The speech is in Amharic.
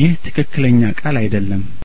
ይህ ትክክለኛ ቃል አይደለም